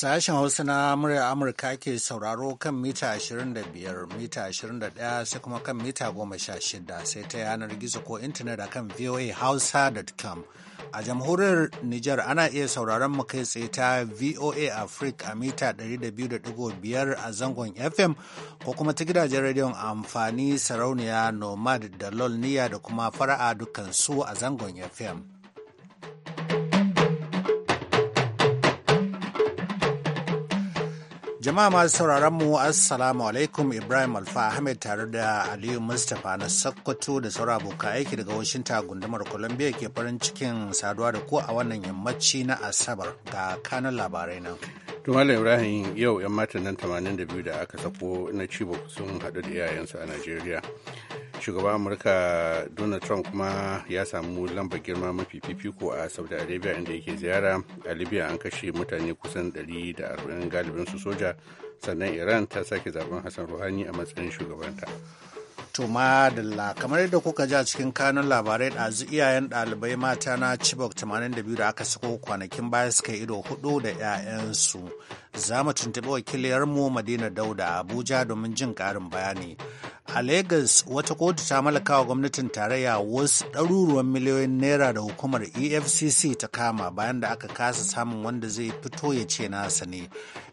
Sashen Hausa na murya Amurka ke sauraro kan mita 25, mita 21 sai kuma kan mita 16 sai ta yanar gizo ko intanet akan voahausa.com. A jamhuriyar Nijar ana iya sauraron mu kai tsaye ta VOA Africa a mita 200.5 a zangon FM ko kuma ta gidajen rediyon amfani sarauniya Nomad da Lolniya da kuma fara'a dukkan su a zangon FM. Jama'a masu sauraron mu Assalamu alaikum Ibrahim Alfa Ahmed tare da Aliyu Mustapha na Sokoto da saura abokan aiki daga Washington gundumar Columbia ke farin cikin saduwa da ku a wannan yammaci na Asabar ga kanan labarai nan. Malam Ibrahim yau 'yan matan nan 82 da aka sako na Chibok sun haɗu da iyayensu a Najeriya. Shugaban Amurka Donald Trump kuma ya samu lambar girma mafi fifiko a Saudi Arabia inda yake ziyara. A Libya an kashe mutane kusan 140 galibinsu soja sannan Iran ta sake zaben Hassan Rouhani a matsayin shugabanta. To dalla kamar yadda kuka ji a cikin kanun labarai ɗazu iyayen ɗalibai mata na Chibok 82 da aka sako kwanakin baya suka ido hudu da 'ya'yansu. Za mu tuntuɓi wakiliyarmu Madina Dauda Abuja domin jin ƙarin bayani. A Legas wata kotu ta mallakawa gwamnatin tarayya wasu ɗaruruwan miliyoyin naira da hukumar EFCC ta kama bayan da aka kasa samun wanda zai fito ya ce nasa ne.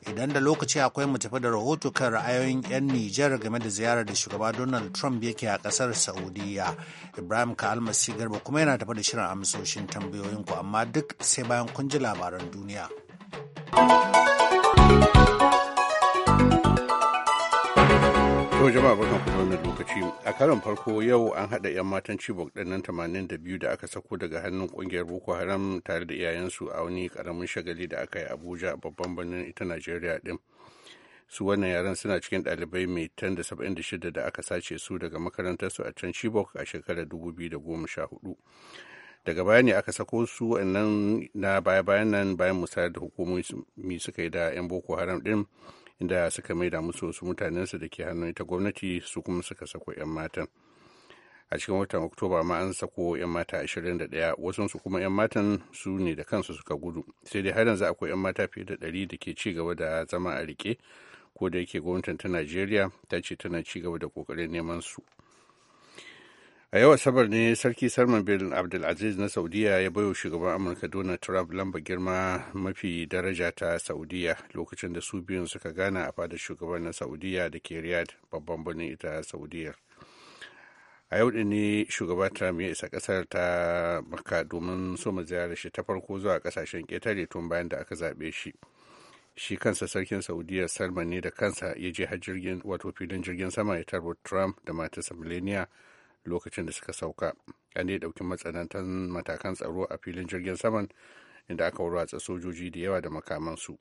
idan da lokaci akwai mu tafi da rahoto kan ra'ayoyin 'yan Nijar game da ziyarar da shugaba Donald Trump yake a kasar Saudiyya Ibrahim Kalmasi Garba kuma yana tafi da shirin amsoshin tambayoyinku amma duk sai bayan kun ji labaran duniya. yau jama'a barkan ku wannan lokaci a karon farko yau an haɗa 'yan matan Chibok ɗinnan 82 da aka sako daga hannun ƙungiyar Boko Haram tare da iyayensu a wani ƙaramin shagali da aka yi Abuja babban birnin ita Najeriya ɗin. Su wannan yaran suna cikin ɗalibai mai tan da shida da aka sace su daga makarantar su a can Chibok a shekarar 2014. daga baya ne aka sako su nan na baya-bayan nan bayan musayar da hukumomi suka yi da 'yan boko haram ɗin. inda suka maida musu wasu mutanensu da ke hannun ita gwamnati su kuma suka sako 'yan matan a cikin watan oktoba ma an sako 'yan mata 21 wasansu kuma 'yan matan su ne da kansu suka gudu sai dai har yanzu akwai 'yan mata fiye da 100 da ke ci gaba da zama a rike ko da yake gwamnatin ta najeriya ta ce tana ci gaba da kokarin neman su a yau asabar ne sarki salman bin abdulaziz na saudiya ya bayo shugaban amurka dona trump lamba girma mafi daraja ta saudiya lokacin da su biyun suka gana a fadar shugaban na saudiya da ke riyad babban birnin ita saudiya a yau ne shugaban trump ya isa kasar ta maka domin soma ziyarar shi ta farko zuwa kasashen ketare tun bayan da aka zaɓe shi shi kansa sarkin saudiya salman ne da kansa ya je jirgin wato filin jirgin sama ya tarbo trump da matarsa millennia lokacin da suka sauka an dai ɗauki matsanantan matakan tsaro a filin jirgin saman inda aka warwatsa sojoji da yawa da makamansu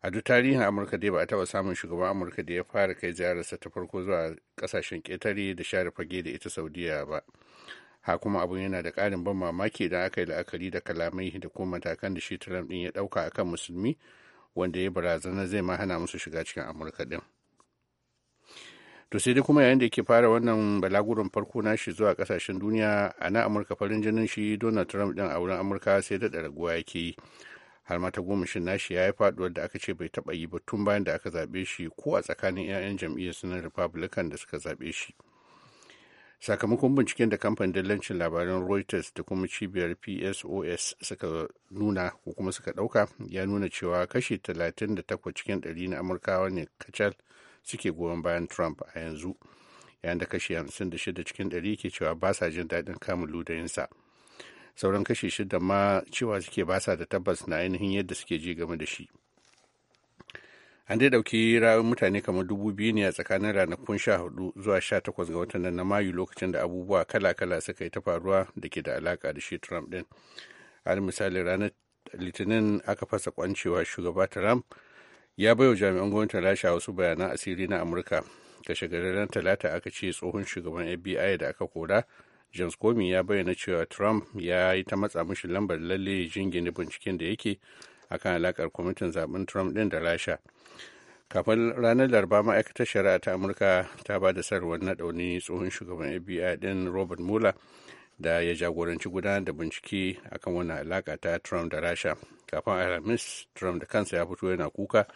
a duk tarihin amurka dai ba a taɓa samun shugaban amurka da ya fara kai ziyararsa ta farko zuwa ƙasashen ƙetare da share fage da ita saudiya ba ha kuma abun yana da ƙarin ban mamaki idan aka yi la'akari da kalamai da kuma matakan da shi trump ɗin ya ɗauka akan musulmi wanda ya barazana zai ma hana musu shiga cikin amurka ɗin to sai dai kuma yayin da yake fara wannan balagurin farko na shi zuwa kasashen duniya a na amurka farin jinin shi donald trump din a wurin amurka sai da raguwa yake yi har mata goma shin nashi ya yi faduwar da aka ce bai taba yi ba tun bayan da aka zaɓe shi ko a tsakanin 'ya'yan jam'iyyar sunan republican da suka zaɓe shi sakamakon binciken da kamfanin dillancin labaran reuters da kuma cibiyar psos suka nuna ko kuma suka ɗauka ya nuna cewa kashi 38 cikin 100 na amurkawa ne kacal suke goyon bayan trump a yanzu yayin da kashi 56 cikin 100 ke cewa ba sa jin daɗin kamun ludayinsa sauran kashi shida ma cewa suke ba sa da tabbas na ainihin yadda suke ji game da shi an dai ɗauki rayuwar mutane kamar dubu biyu ne a tsakanin ranakun sha hudu zuwa sha takwas ga watan nan na mayu lokacin da abubuwa kala-kala suka yi ta faruwa da ke da alaka da shi trump ɗin har misali ranar litinin aka fasa kwancewa shugaba trump ya baiwa jami'an gwamnatin rasha wasu bayanan asiri na amurka kashe garin talata aka ce tsohon shugaban fbi da aka kora james comey ya bayyana cewa trump ya yi ta matsa mishi lambar lalle jingine binciken da yake akan alakar kwamitin zaben trump din da rasha kafin ranar laraba ma'aikatar shari'a ta amurka ta ba da sarwar na wani tsohon shugaban fbi din robert mueller da ya jagoranci gudanar da bincike akan wani alaka ta trump da rasha kafin alhamis trump da kansa ya fito yana kuka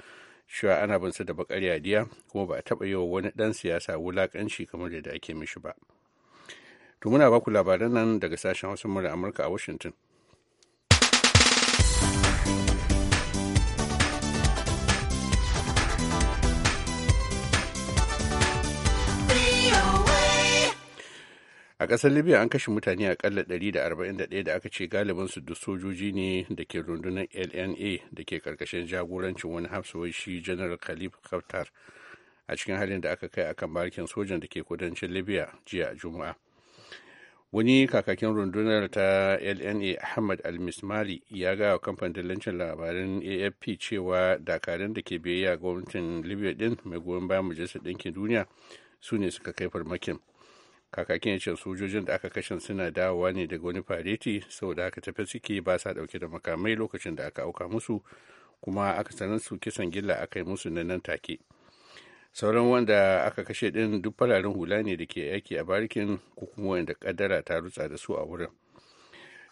cewa ana bin da bakar yadiya kuma ba a taɓa yi wa wani ɗan siyasa wulakanci kamar yadda ake mishi ba to muna baku labaran nan daga sashen hausa murya amurka a washington a ƙasar libya an kashe mutane akalla 141 da aka ce galibinsu duk sojoji ne da ke rundunar lna da ke karkashin jagorancin wani hafsawai shi general khalif haftar a cikin halin da aka kai akan barkin sojan da ke kudancin libya jiya juma'a wani kakakin rundunar ta lna ahmad almismali ya ga wa kamfanin dillancin labarin afp cewa dakarun da ke biyayya gwamnatin libya din mai goyon bayan majalisar ɗinkin duniya su ne suka kai farmakin kakakin ya ce sojojin da aka kashe suna dawowa ne daga wani fareti saboda aka tafi suke ba sa dauke da makamai lokacin da aka auka musu kuma aka sanar su kisan gilla aka yi musu na nan take sauran wanda aka kashe din duk fararen hula ne da ke yaki a barikin ko kuma wanda kaddara ta rutsa da su a wurin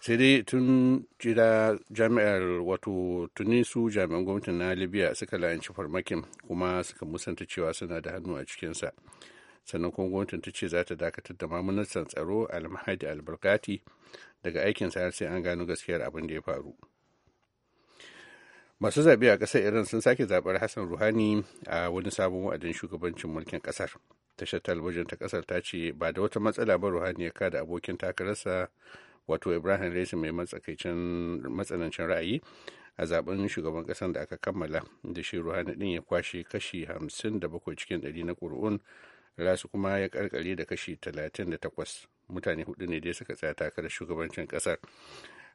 sai dai tun jira jami'ar wato tuni su jami'an gwamnati na libya suka la'anci farmakin kuma suka musanta cewa suna da hannu a cikinsa sannan kuma gwamnatin ta ce za ta dakatar da maministan tsaro almahadi albarkati daga aikin har sai an gano gaskiyar abin da ya faru masu zaɓe a ƙasar iran sun sake zaɓar hassan ruhani a wani sabon wa'adin shugabancin mulkin ƙasar tashar talabijin ta ƙasar ta ce ba da wata matsala ba ruhani ya kada abokin takararsa wato ibrahim raisi mai matsanancin ra'ayi a zaben shugaban ƙasar da aka kammala da shi ruhani ɗin ya kwashe kashi 57 cikin 100 na ƙuri'un rasu kuma ya karkare da kashi 38 mutane hudu ne dai suka tsaya takarar shugabancin kasar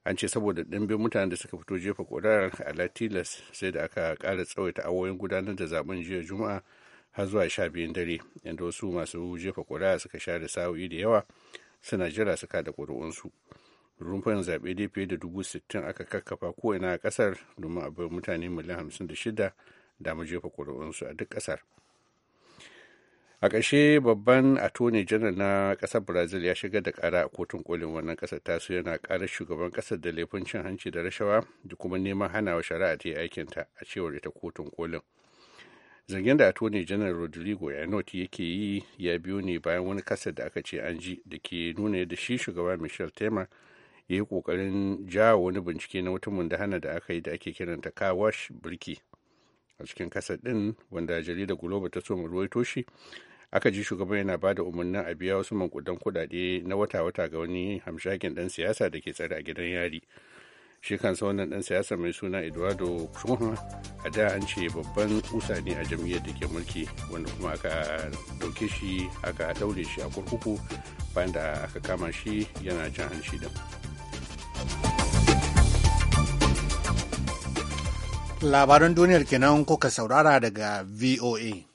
an ce saboda ɗimbin mutanen da suka fito jefa ƙuri'ar a latilas sai da aka ƙara tsawaita awoyin gudanar da zaben jiya juma'a har zuwa sha biyun dare inda wasu masu jefa ƙuri'a suka share sa'o'i da yawa suna jira su kada kuri'unsu rumfan zaɓe dai fiye da dubu sittin aka kakkafa ko'ina a ƙasar domin a mutane miliyan hamsin da shida da mu jefa ƙuri'unsu a duk ƙasar a ƙarshe babban attorney general na ƙasar brazil ya shigar da ƙara a kotun kolin wannan ƙasar tasu yana ƙara shugaban ƙasar da laifin cin hanci da rashawa da kuma neman hanawa shari'a ta yi aikinta a cewar ita kotun kolin zargin da attorney general rodrigo yanoti yake yi ya biyo ne bayan wani ƙasar da aka ce an ji da ke nuna yadda shi shugaba michel temer ya yi ƙoƙarin jawo wani bincike na wata hana da aka yi da ake kiranta kawash birki a cikin kasar din wanda jarida globe ta so mu ruwaito shi aka ji shugaban yana ba da umarnin a biya wasu mankudan kuɗaɗe na wata-wata ga wani hamshakin ɗan siyasa da ke tsare a gidan yari shi kansa wannan ɗan siyasa mai suna eduardo kuma a da an ce babban kusa ne a jam'iyyar da ke mulki wanda kuma aka ɗauke shi aka ɗaure shi a kurkuku bayan da aka kama shi yana jan hanci da labaran duniyar kenan kuka saurara daga voa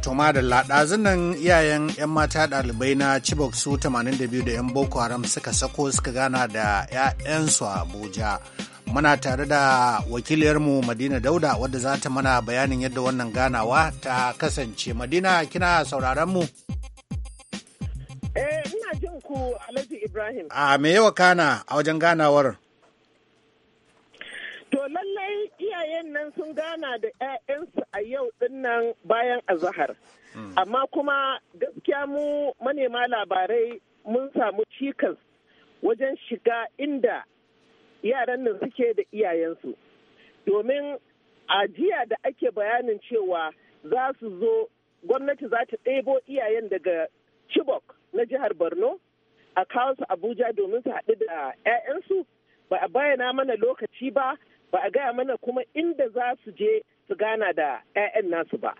Toma da laɗazin nan iyayen 'yan mata ɗalibai na Chibok su 82 da 'yan Boko Haram suka sako suka gana da 'ya'yansu a Abuja. Muna tare da wakiliyarmu Madina Dauda wadda za ta mana bayanin yadda wannan ganawa ta kasance. Madina kina sauraron mu? Eh, ina jin ku Alhaji Ibrahim. A ah, me yawa kana a wajen ganawar? sun gana da 'ya'yansu a yau dinnan bayan azahar. Mm. Amma kuma gaskiya mu manema labarai mun samu cikas wajen shiga inda yaran nan suke da iyayensu. Domin ajiya da ake bayanin cewa za su zo gwamnati za ta ɗebo iyayen daga Chibok na jihar Borno a kawo su Abuja domin su haɗu da 'ya'yansu ba a bayyana mana lokaci ba ba a gaya mana kuma inda za su je su gana da 'ya'yan nasu ba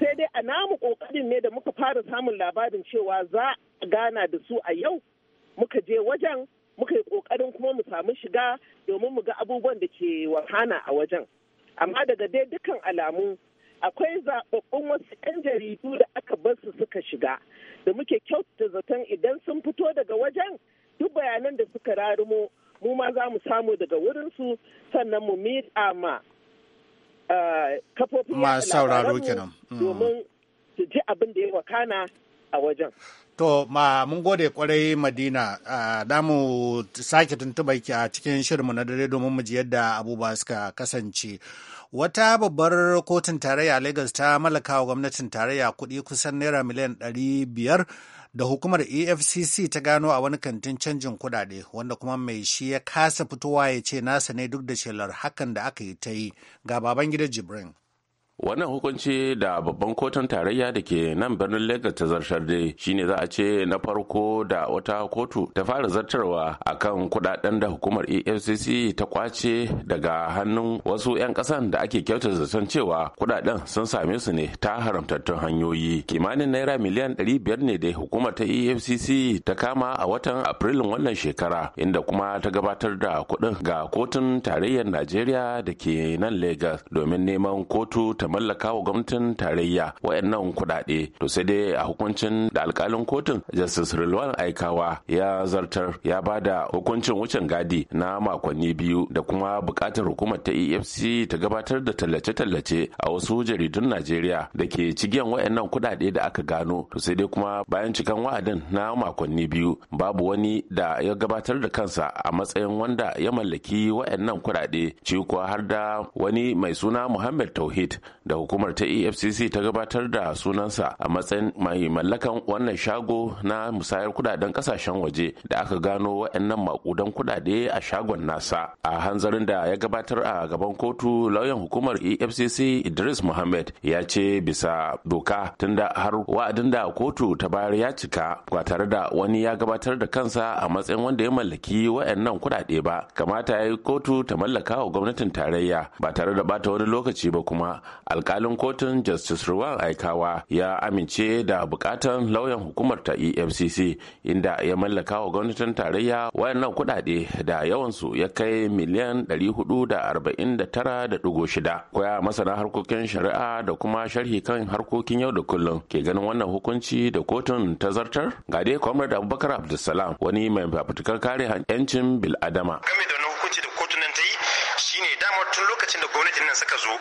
sai dai a namu kokarin ne da muka fara samun labarin cewa za a gana da su a yau muka je wajen muka yi ƙoƙarin kuma mu samu shiga domin mu ga abubuwan da ke wahana a wajen amma daga dai dukkan alamu akwai zaɓaɓɓun wasu 'yan jaridu da aka bar su suka shiga da muke kyautata zaton idan sun fito daga wajen duk bayanan da suka rarumo mu ma za mu samu daga wurin su sannan mu miƙa ma eh, kafofin sauraro kenan mm. domin su ji abin da ya wakana a wajen. To, ma mun gode kwarai Madina, da eh, sake tuntuɓa a cikin shirinmu na dare domin mu ji yadda abubuwa suka kasance. Wata babbar kotun tarayya Legas ta mallaka wa gwamnatin tarayya kuɗi kusan naira miliyan ɗari biyar da hukumar efcc ta gano a wani kantin canjin kuɗaɗe wanda kuma mai shi ya kasa fitowa ya ce nasa ne duk da shelar hakan da aka yi ta yi ga baban gida jibrin wannan hukunci da babban kotun tarayya da ke nan birnin lagos ta zartar da shine za a ce na farko da wata kotu ta fara zartarwa a kan kudaden da hukumar efcc ta kwace daga hannun wasu 'yan kasan da ake kyauta zaton cewa kudaden sun same su ne ta haramtattun hanyoyi kimanin naira miliyan 500 ne da hukumar ta efcc ta kama a watan afrilun wannan shekara inda kuma ta gabatar da kudin ga kotun tarayyar najeriya da ke nan lagos domin neman kotu ta mallaka wa gwamnatin tarayya wayannan kudade, to sai dai a hukuncin da alkalin kotun justice rilwan aikawa ya zartar ya bada hukuncin wucin gadi na makonni biyu da kuma bukatar hukumar ta EFC ta gabatar da tallace-tallace a wasu jaridun najeriya da ke cigiyan wayannan kudade da aka gano to sai dai kuma bayan cikan wa'adin na makonni biyu babu wani da ya gabatar da kansa a matsayin wanda ya mallaki wayannan kudade, ci kuwa har da wani mai suna muhammad tauhid da hukumar ta efcc ta gabatar da sunansa a matsayin mai mallakan wannan shago na musayar kudaden kasashen waje da aka gano wa'annan makudan kudade a shagon nasa a hanzarin da ya gabatar a gaban kotu lauyan hukumar efcc idris muhammad ya ce bisa doka tunda har wa'adin da kotu ta bayar ya cika ba tare da wani ya gabatar da kansa a matsayin wanda ya mallaki wa'annan kudade ba kamata ya yi kotu ta mallaka wa gwamnatin tarayya ba tare da bata wani lokaci ba kuma alkalin kotun justice ruwan aikawa ya amince da bukatan lauyan hukumar ta efcc inda ya mallaka wa gwamnatin tarayya wayannan kudade da yawansu ya kai miliyan 449.6 koya masana harkokin shari'a da kuma sharhi kan harkokin yau da kullum ke ganin wannan hukunci da kotun ta zartar ga dai abubakar abdulsalam wani mai fafutukar kare 'yancin bil'adama lokacin da gwamnatin nan suka zo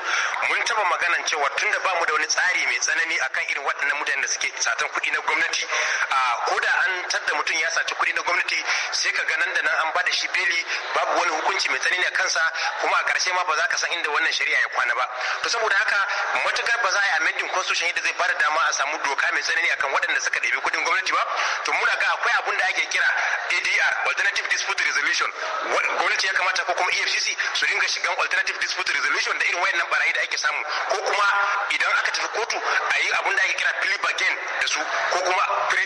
mun taba maganan cewa tun ba mu da wani tsari mai tsanani akan irin waɗannan mutane da suke satan kuɗi na gwamnati a ko da an tadda mutum ya saci kuɗi na gwamnati sai ka ga nan da nan an bada shi beli babu wani hukunci mai tsanani a kansa kuma a ƙarshe ma ba za ka san inda wannan shari'a ya kwana ba to saboda haka matukar ba za a yi amending constitution yadda zai bada dama a samu doka mai tsanani akan waɗanda suka ɗebi kuɗin gwamnati ba to muna ga akwai abun da ake kira ADR alternative dispute resolution gwamnati ya kamata ko kuma EFCC su dinga shigan alternative dispute dispute resolution da irin wayannan barayi da ake samu ko kuma idan aka tafi kotu a yi abun da ake kira plea bargain da su ko kuma pre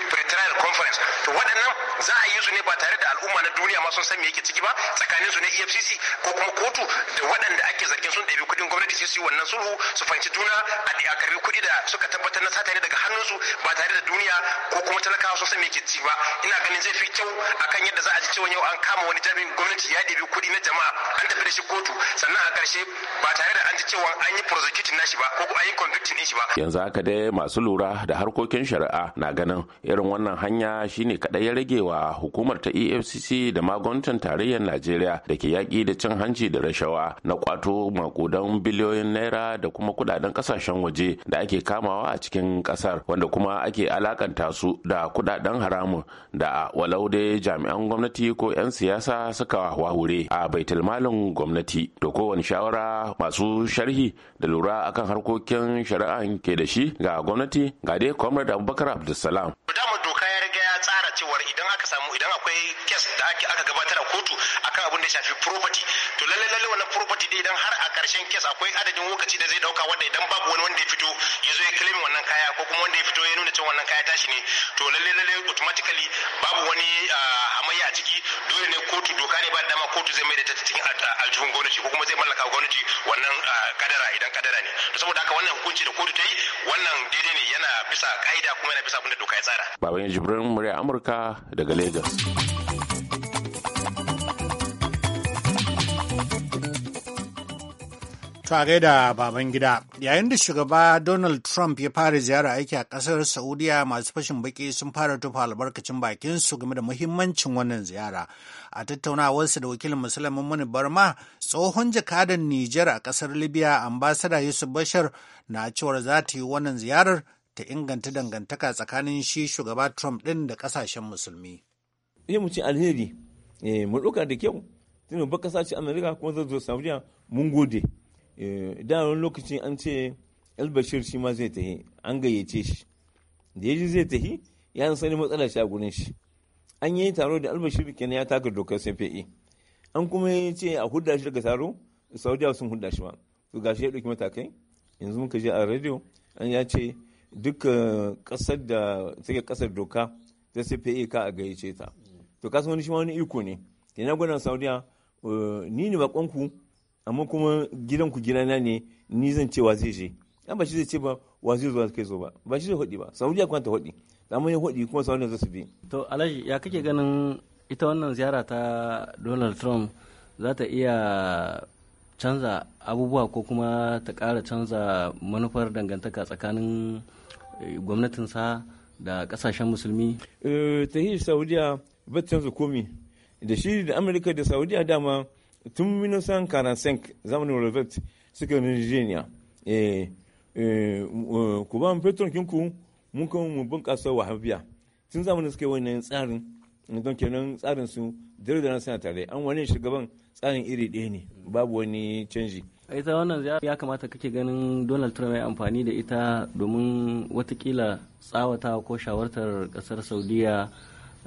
conference to waɗannan za a yi su ne ba tare da al'umma na duniya ma sun san me yake ciki ba tsakanin su ne EFCC ko kuma kotu da waɗanda ake zargin sun ɗabi kuɗin gwamnati su yi wannan sulhu su fahimci juna a karbi kuɗi da suka tabbatar na sata ne daga su ba tare da duniya ko kuma talakawa sun san me yake ciki ba ina ganin zai fi kyau akan yadda za a ji cewa yau an kama wani jami'in gwamnati ya ɗabi kuɗi na jama'a an tafi da shi kotu sannan a ƙarshe ce ba tare da an ji cewa an yi prosecuting shi ba ko an yi convicting shi ba yanzu haka dai masu lura da harkokin shari'a na ganin irin wannan hanya shine kadai ya rage wa hukumar ta EFCC da magwantan tarayyar Najeriya da ke yaki da cin hanci da rashawa na kwato makudan biliyoyin naira da kuma kudaden kasashen waje da ake kamawa a cikin kasar wanda kuma ake alakanta su da kudaden haramun da walau dai jami'an gwamnati ko 'yan siyasa suka wahure a baitulmalin gwamnati to kowane shawara shawara masu sharhi da lura akan harkokin shari'a ke da shi ga gwamnati ga dai comrade abubakar abdulsalam cewar idan aka samu idan akwai kes da aka gabatar a kotu akan abin da shafi property to lalle lalle wannan property dai idan har a karshen kes akwai adadin lokaci da zai dauka wanda idan babu wani wanda ya fito ya zo ya claim wannan kaya ko kuma wanda ya fito ya nuna cewa wannan kaya tashi ne to lalle lalle automatically babu wani ah, hamayya a ciki dole ne kotu doka ne ba da dama kotu zai mai da ta cikin ah, aljihun gwamnati ko kuma zai mallaka gwamnati wannan ah, kadara idan kadara ne to saboda haka wannan hukunci da kotu ta yi wannan daidai ne yana bisa ka'ida kuma yana bisa abin da doka ya tsara baban jibrin murya amurka amurka daga lagos tare da baban gida yayin da shugaba donald trump ya fara ziyara aiki a ƙasar saudiya masu fashin baki sun fara tufa albarkacin bakin su game da muhimmancin wannan ziyara a tattaunawarsa da wakilin musulman muni barma tsohon jakadan nijar a ƙasar libya ambasada yusuf bashar na cewar za ta yi wannan ziyarar ta inganta dangantaka tsakanin shi shugaba Trump ɗin da ƙasashen musulmi. Iya mu ce alheri, eh, mu ɗauka da kyau, tun ba ƙasa ce Amerika kuma zai zo Saudiya mun gode. Eh, da wani lokaci an ce El shi ma zai tahi, an gayyace shi. Da ya ji zai tahi, ya sani matsala shi a gurin shi. An yi taro da El Bashir kenan ya taka dokar cpe An kuma ce a hudda shi daga taro, Saudiya sun hudda shi ma. To gashi ya ɗauki matakai, yanzu muka je a rediyo, an ya ce duk kasar da suke kasar doka ta CPA ka a gayyace ta to kasan wani shi wani iko ne ina gwada Saudiya uh, ni ne bakonku amma kuma gidanku gidana ne ni zan cewa zai je ba shi zai ce ba wa zai zo kai zo ba ba shi zai hudi ba Saudiya kuma ta hudi amma ya hudi kuma Saudiya za su bi to Alhaji ya kake ganin ita wannan ziyara ta Donald Trump za ta iya canza abubuwa ko kuma ta kara canza manufar dangantaka tsakanin eh, gwamnatinsa da ƙasashen musulmi? Eh, ta yi saudiya ba canza komi da shi da amurka da saudiya dama tun 1945 zamanin roosevelt suka nigeria eh, ku ba mu fetur kinku mun kuma mu bunƙasa wahabiya tun zamanin suka yi wannan tsarin don kenan tsarin su dare suna tare an wani shugaban tsarin iri ɗaya ne babu wani canji a ita wannan ya kamata kake ganin donald trump ya amfani da ita domin watakila tsawata ko shawartar kasar saudiya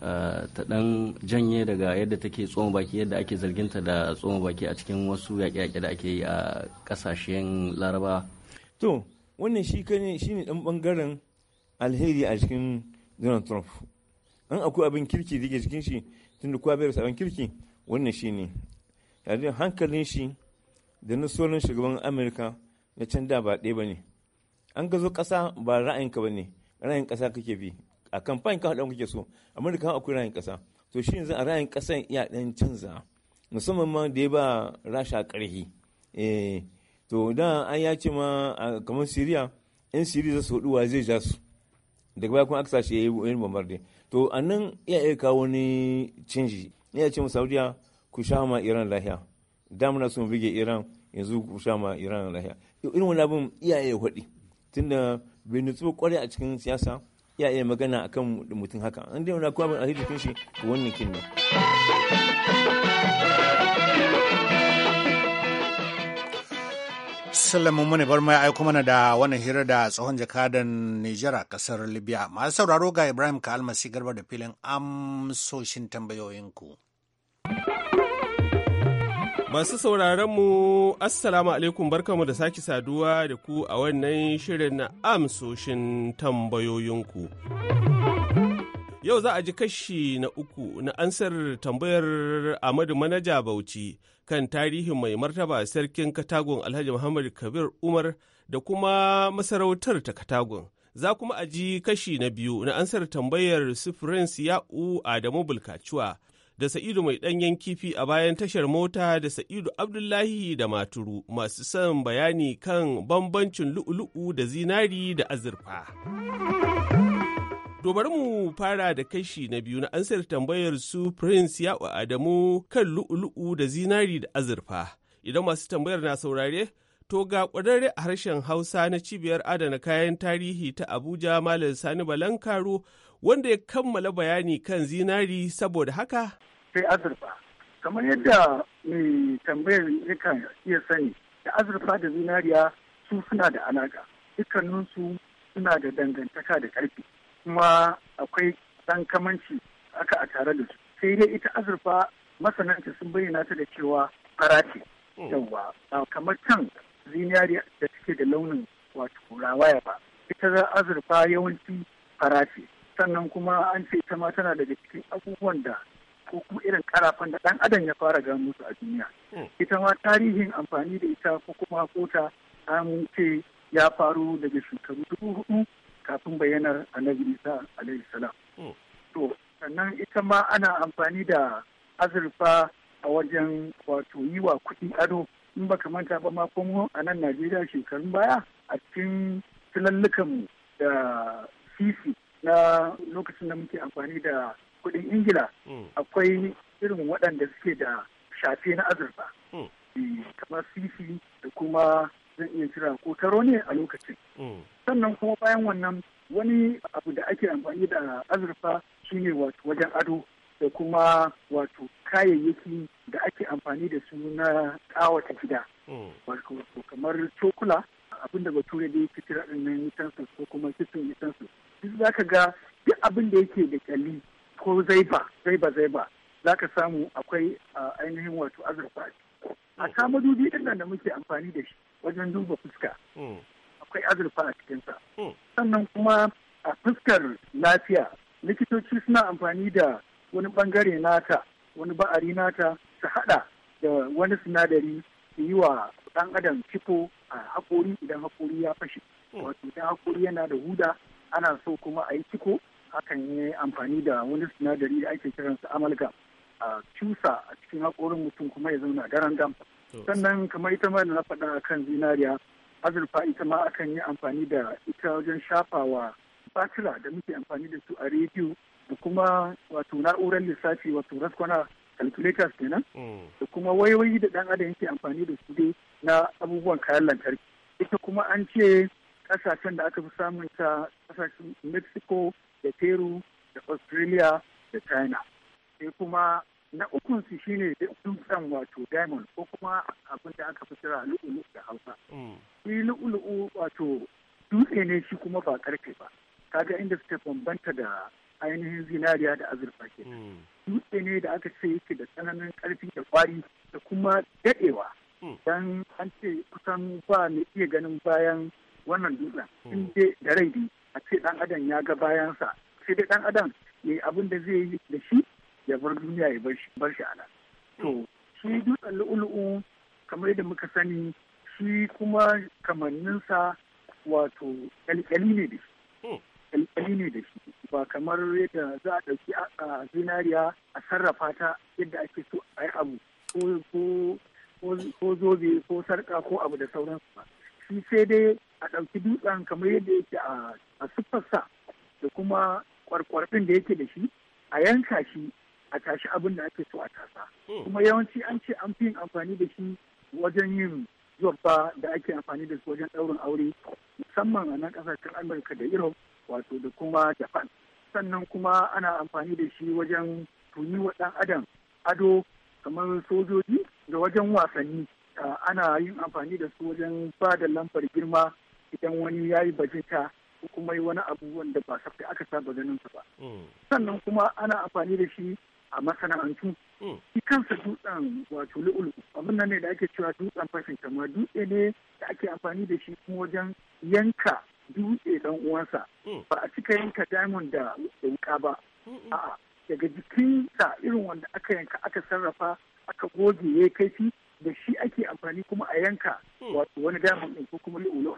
eh, ta dan janye daga yadda take tsoma baki yadda ake zarginta da tsoma baki a cikin wasu yaƙe-yaƙe da ake yi a ƙasashen laraba to wannan shi ne dan bangaren alheri a cikin donald trump in akwai abin kirki da ke jikin shi tunda kuwa bai rasa abin kirki wannan shi ne yanzu hankalin shi da na sauran shugaban amurka na can da ba ɗaya ba ne an gazo ƙasa ba ra'ayinka ba ne ra'ayin ƙasa kake bi a kamfani ka haɗa kake so amurka akwai ra'ayin ƙasa to shi yanzu a ra'ayin ƙasa ya ɗan canza musamman ma da ya ba rasha ƙarfi eh, to da an ya ce ma kamar siriya yan siriya za su hudu wa zai ja su daga baya kuma aka sashe ya yi dai to a nan iya iya kawo wani canji iya ce mu saudiya ku sha ma iran lahiya damuna sun iran yanzu ku sha ma iran lahiya irin wani abin iya iya kwaɗi tunda bai nutsu kwarai a cikin siyasa iya iya magana akan mutum haka an dai wani kwamin a hidikin shi wannan kin nan Suleiman Muni bar mai aiko mana da wannan hira da tsohon jakadan Nijar a kasar Libya. Masu sauraro ga Ibrahim ka garba da filin amsoshin tambayoyinku. Masu sauraron mu Assalamu alaikum barkamu da sake saduwa da ku a wannan shirin na amsoshin tambayoyinku. Yau za a ji kashi na uku na ansar tambayar Amadu Manaja Bauchi kan tarihin mai martaba sarkin katagun Alhaji Muhammad Kabir Umar da kuma masarautar ta katagun. Za kuma a ji kashi na biyu na ansar tambayar sufurin Ya'u Adamu Bulkacuwa da Sa'idu mai ɗanyen kifi a bayan tashar mota da Sa'idu Abdullahi da Maturu masu son bayani kan bambancin lu'ulu'u da zinari da azurfa. To bari mu fara da kashi na biyu na ansar tambayar su Prince Ya'u Adamu kan lu'ulu'u da zinari da azurfa. Idan masu tambayar na saurare, to ga ƙwararre a harshen Hausa na cibiyar adana kayan tarihi ta Abuja Malam Sani Balankaro wanda ya kammala bayani kan zinari saboda haka. Sai azurfa. Kamar yadda mai tambayar yakan iya sani, da azurfa da zinariya su suna da alaƙa. Dukkaninsu suna da dangantaka da ƙarfi. kuma akwai ɗan kamanci aka a tare da su sai dai ita azurfa masananta sun bayyana ta da cewa fara ce hmm. yawa kamar can zinari da take da launin wato rawaya ba ita za azurfa yawanci fara sannan kuma an ce ita ma tana daga cikin abubuwan da ko kuma irin karafan da ɗan adam ya fara gano su a duniya hmm. ita ma tarihin amfani da ita ko kuma kota an ce ya faru daga shekaru dubu hudu kafin bayyanar annabi isa alaihi salam hmm. to sannan ita ma ana amfani da azurfa a wajen wato yi wa kuɗi ado in baka manta ba ma kuma a nan najeriya shekarun baya a cikin filallukan da sisi na lokacin da muke amfani da kuɗin ingila hmm. akwai irin waɗanda suke da shafe na azurfa hmm. eh, kamar sisi da kuma zan iya kira ko taro ne a lokacin mm. sannan kuma bayan wannan wani abu da ake amfani da azurfa ne wato wajen ado da kuma wato kayayyaki da ake amfani da su na kawata gida mm. wato kamar cokula abin da bature da yake kira ɗin ko kuma kitchen utensils duk za ka ga duk abin da yake da kyalli ko zaiba zaiba zaiba za ka samu akwai ah, ainihin wato azurfa a ta mm. madubi ɗin da muke amfani da shi wajen duba fuska hmm. akwai azurfa a cikinsa hmm. sannan kuma a fuskar lafiya likitoci suna amfani da wani bangare nata wani ba'ari nata su hada da wani sinadari su yi wa ɗan adam ciko a haƙori idan haƙori ya fashe hmm. wato idan haƙori yana da huda ana so kuma a yi ciko hakan yi amfani da wani sinadari da ake kiransa amalgam a cusa a cikin haƙorin mutum kuma ya zauna daren dam sannan kamar ita ma da na faɗa akan zinariya azurfa ita ma akan yi amfani da ita wajen shafawa batila da muke amfani da su a rediyo da kuma wato na'urar lissafi wato raskwana calculators kenan mm. da kuma wayoyi da dan adam yake amfani da su dai na abubuwan kayan lantarki ita kuma an ce kasashen da aka fi samun ta kasashen mexico da peru da australia da china sai kuma na ukun su shine dutsen wato diamond ko kuma abin da aka fi kira lu'ulu da hausa mm. shi lu'ulu wato dutse ne shi kuma ba karfe ba kaga inda suke bambanta da ainihin zinariya da azurfa ke mm. dutse ne da aka ce yake da tsananin karfi da kwari da kuma dadewa mm. dan an ce kusan ba mai iya ganin bayan wannan dutsen in dai da rai a ce dan adam ya ga bayansa sai dai dan adam ne abin da zai yi da shi ya duniya ya bar shi ana to shi dutsen lu'ulu'u kamar yadda muka sani shi kuma kamanninsa wato kyalkyali ne da shi hmm. ne da shi ba kamar yadda za a ɗauki a zinariya a sarrafa ta yadda ake so a yi abu ko zobe ko sarƙa ko abu da sauransu ba shi sai dai a ɗauki dutsen kamar yadda yake a siffarsa da kuma kwarkwarɗin da yake da shi a yanka shi a tashi abin da ake so a tasa hmm. kuma yawanci an ce an fi yin amfani da shi wajen yin zurfa da ake amfani da su wajen ɗaurin aure musamman a nan ƙasashen amurka da Iro, wato da kuma japan sannan kuma ana amfani da shi wajen tuni wa ɗan adam ado kamar sojoji da wajen wasanni ana yin amfani da su wajen ba da lambar girma idan wani ya yi bajinta ko kuma yi wani abu wanda ba safi aka saba ganin sa ba hmm. sannan kuma ana amfani da shi a masana'antu hmm. shi kansa dutsen wato lu'ulu abin nan ne da ake cewa dutsen fashin kama dutse ne da ake amfani da shi kuma wajen yanka dutse dan uwansa hmm. ba a cika yanka diamond da wuka ba a'a daga jikinsa irin wanda aka yanka aka sarrafa aka goge ya kaifi da shi ake amfani kuma a yanka hmm. wato wani diamond ɗin ko kuma lu'ulu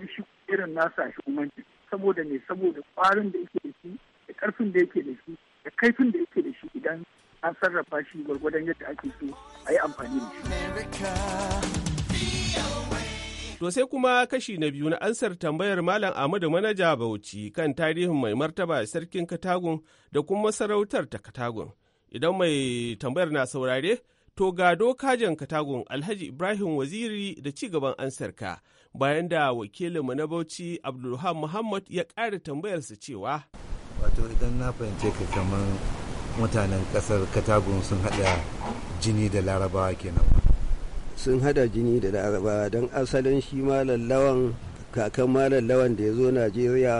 ji shi irin nasa shi umanci saboda ne saboda kwarin da yake da shi da karfin da yake da shi da kaifin da yake da shi idan an sarrafa shi gwargwadon yadda ake so a yi amfani da shi. To sai kuma kashi na biyu na ansar tambayar Malam Ahmadu Manaja Bauchi kan tarihin mai martaba sarkin Katagun da kuma sarautar ta Katagun. Idan mai tambayar na saurare, to ga dokajen Katagun Alhaji Ibrahim Waziri da ci gaban ansarka bayan da wakilinmu na Bauchi Abdulham Muhammad ya ƙara tambayarsa cewa. wato idan na fahimce ka kamar mutanen kasar katagun sun hada jini da larabawa kenan sun hada jini da larabawa don asalin shi malallawan kakan malallawan da ya zo najeriya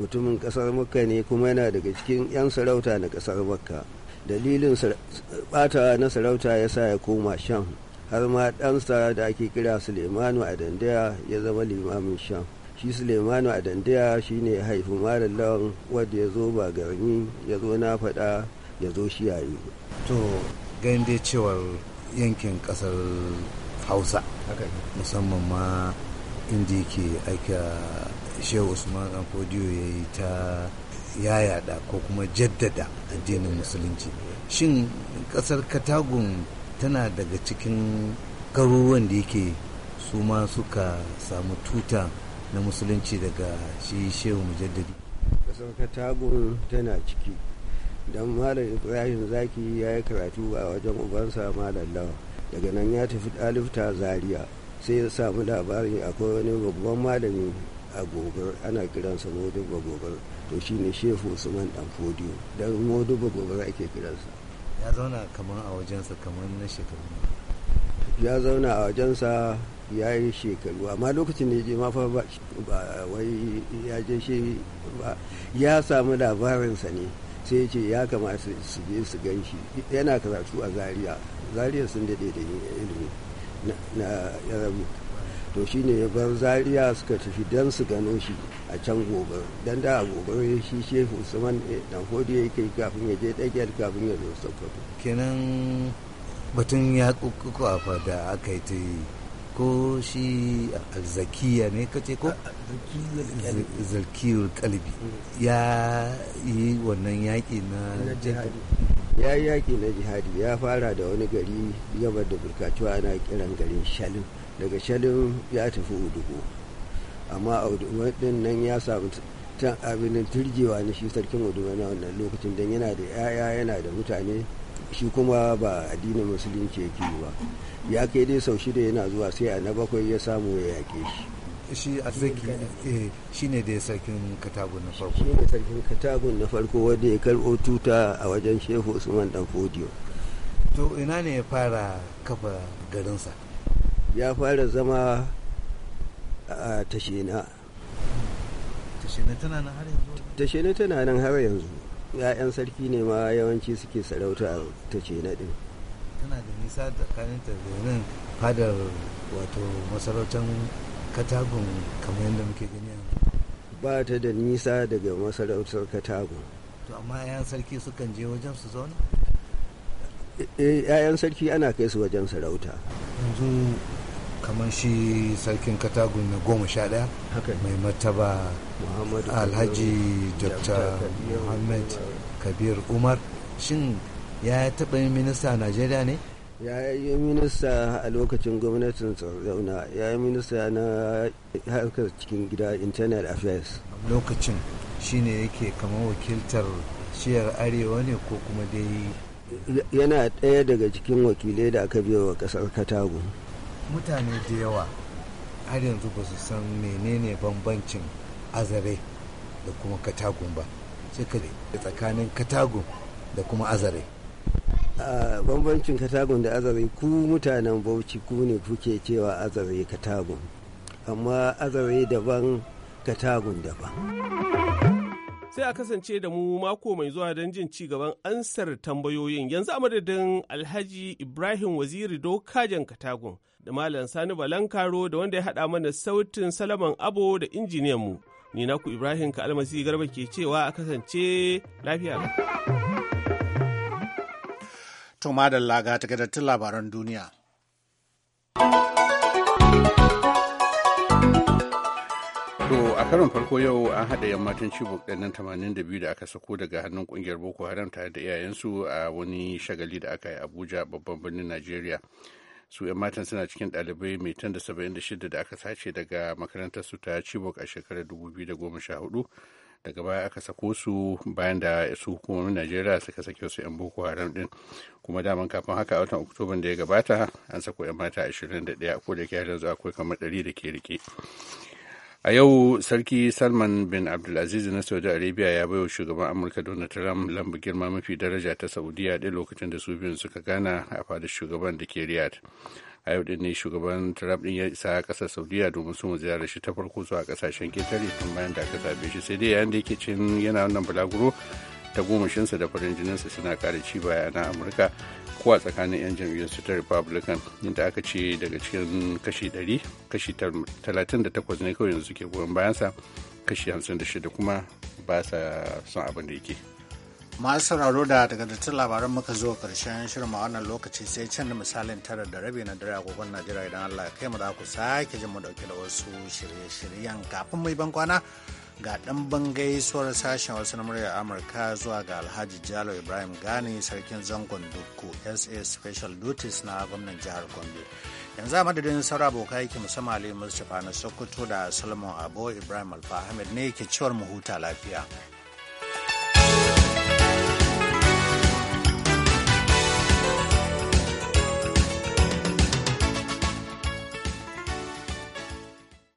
mutumin kasar makka ne kuma yana daga cikin 'yan sarauta na kasar makka dalilin bata na sarauta ya sa ya koma shan har ma ɗansa da ake kira sulemanu a dandaya ya zama limamin shan. shi sulemanu a dandiya shine haifin malam lawan wanda ya zo ba garni ya zo na faɗa ya zo shi yayi to ganin dai cewar yankin ƙasar hausa musamman ma inda yake aika shehu usman amfodiyo ya yi ta yayada ko kuma jaddada addinin musulunci shin ƙasar katagun tana daga cikin garuruwan da yake su ma suka samu tuta na musulunci daga shi shehu mujaddadi kasan tagun tana ciki don malam ibrahim zaki ya yi karatu a wajen ubansa malam lawa daga nan ya tafi dalifta zaria sai ya samu labarin akwai wani babban malami a gobar ana kiransa modibo gobar to shine shefu usman dan fodiyo don modibo gobar ake kiransa ya zauna kamar a wajensa kamar na shekaru ya zauna a wajensa ya yi shekaru amma lokacin da ya je ma fa ba wai ya je shi ba ya samu labarinsa ne sai ce ya kamata su je su gan shi yana karatu a zaria zaria sun daɗe da yin ilimi na yarabu to shi ne ya bar Zariya suka tafi don su gano shi a can gobe don da a gobar shi shehu usman eh, dan hodi ya kai kafin ya je ɗagiyar kafin ya zo sokoto kenan batun ya kukuwa fada aka yi ta yi ko shi zakiya ne kace ko zalkiyar kalbi mm. ya yi wannan yaƙi na jihadi ya yi yaƙi na jihadi ya fara da wani gari gabar da burkatuwa ana kiran garin shalin daga shalin ya tafi udugo amma wadin nan ya samu can abinin turjewa na shi sarkin udugo na wannan lokacin don yana da 'ya'ya yana da mutane shi kuma ba addinin musulunci yake yi ba ya kai dai sau shida yana zuwa sai a na bakwai ya samu ya yaƙe shi shi a sarki shi ne da eh, sarkin katagun na farko shi ne sarkin katagun na farko wanda ya karɓo tuta a wajen shehu usman dan fodiyo to ina ne ya fara kafa garinsa ya fara zama a tashina tashina tana nan har yanzu tashina tana nan har yanzu ya'yan sarki ne ma yawanci suke sarauta a tashina din tana da nisa tsakaninta da domin fadar wato masarautar katagun kamar yadda muke gani ba ta da nisa daga masarautar katagun to amma 'ya'yan sarki sukan je wajen su zauna yayan eh, sarki ana kai su wajen sarauta yanzu kamar shi sarkin katagun na goma sha ɗaya mai martaba alhaji dr muhammad kabir umar shin ya taɓa yin minista a najeriya ne ya yi minista a lokacin gwamnatin zauna ya yi minista na harkar cikin gida Internet affairs lokacin shine yake kamar wakiltar shiyar arewa ne ko kuma dai yana ɗaya daga cikin wakilai da aka biya wa ƙasar katago mutane da yawa har yanzu ba su san menene bambancin azare da kuma katagun ba sai ka tsakanin katagun da kuma azare a bambancin katagun da azare ku mutanen bauchi ku ne kuke cewa azare katagun amma azare daban katagun daban sai a kasance da mu mako mai zuwa don jin ci gaban ansar tambayoyin yanzu a madadin alhaji ibrahim waziri dokajen katagun da malam sani balankaro da wanda ya haɗa mana sautin salaman abo da injiniyanmu ni naku ibrahim ka almasi garba ke cewa a kasance lafiya To ta ga takardattun labaran duniya. To a karon farko yau an haɗa yammacin Chibok ɗannan 82 da aka sako daga hannun ƙungiyar Boko Haram tare da iyayensu a wani shagali da aka yi Abuja babban birnin Najeriya. su 'yan matan suna cikin ɗalibai mai tan da 76 da aka sace daga makarantar su ta Chibok a shekarar 2014 daga baya aka sako su bayan da su hukumomin najeriya suka sake su 'yan boko haram din kuma daman kafin haka a watan oktoban da ya gabata an sako 'yan mata 21 ko da ke yanzu akwai kamar 100 da ke rike a yau sarki salman bin abdulaziz na saudi arabia ya wa shugaban amurka donald trump lamba girma mafi daraja ta saudiya ɗin lokacin da su biyun suka gana a fadar shugaban da ke riyadh a yau din ne shugaban trump din ya isa kasar saudiya domin sun ziyarar shi ta farko zuwa kasashen ketare tun bayan da aka zabe shi sai dai yayin da yake cin yana wannan bulaguro ta gomashinsa da farin jininsa suna kara ci baya na amurka ko a tsakanin 'yan jam'iyyar su ta republican inda aka ce daga cikin kashi 100 kashi 38 ne kawai yanzu ke goyon bayansa kashi 56 kuma ba sa son abin da yake. masu sauraro da daga dattin labaran muka zo karshen shirin a wannan lokaci sai can da misalin tara da rabi na dare agogon najeriya idan allah ya kai mu za ku sake jin mu dauke da wasu shirye-shiryen kafin mai ban kwana ga ɗan gaisuwar sashen wasu na murya amurka zuwa ga alhaji jalo ibrahim gani sarkin zangon dukku sa special duties na gwamnan jihar gombe yanzu a madadin saura abokai ke musamman ali mustapha na sokoto da solomon abo ibrahim alfahamid ne ke ciwar mu huta lafiya